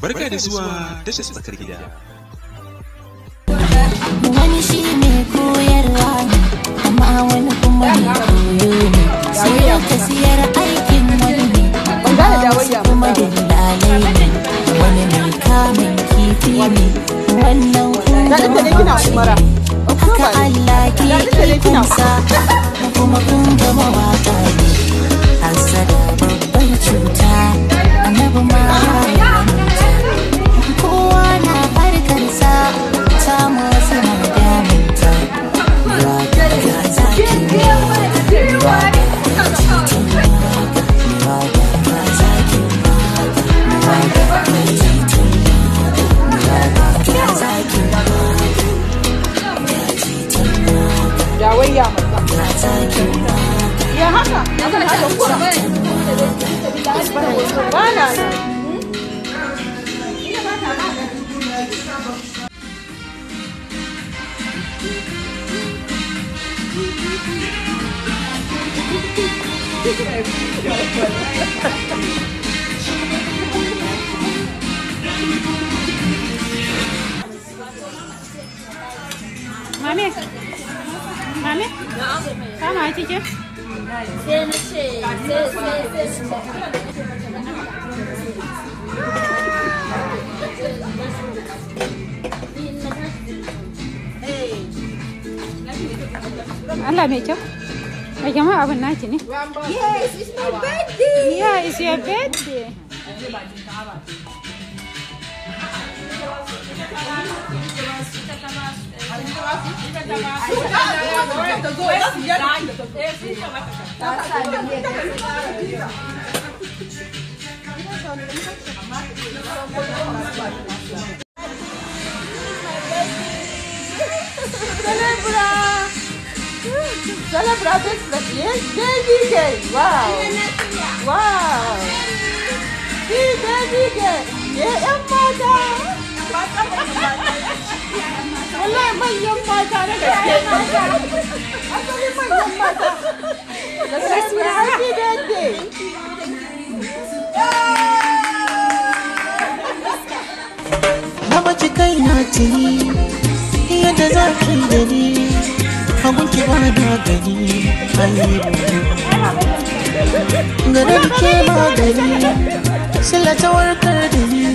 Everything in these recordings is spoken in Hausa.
Barka da zuwa tashar tsakar gida. Wani shi ne koyarwa amma wani kuma ne koyo ne. Sai da tafiyar aikin wani ne, wasu kuma da lalai ne. Wani mai kamun kifi ne, wannan kuma ce ne. Haka Allah ke ikonsa, kuma kun gama waka ne. Hasada babban cuta. Ya haka, haka da haka kura. Ba na Mami. Mami? Tamam chứ Senin şey, ses, ses, ses. Allah me kyau. Ka kyau abin chứ ne? Yes, it's my birthday. Yeah, it's your birthday. Celebrar! Celebrar! Gente, gente, gente! Uau! tuni yadda za ki gani ni hagun ki ba na gani ayyubu gare da ke magani sila ta warkar da ni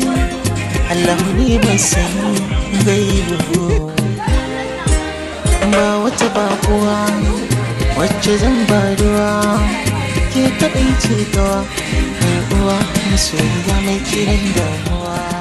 allahu ne ban sani ba wata ba kuwa wacce zan ba ruwa ke taɓa ce gawa uwa masoyiya mai kiran damuwa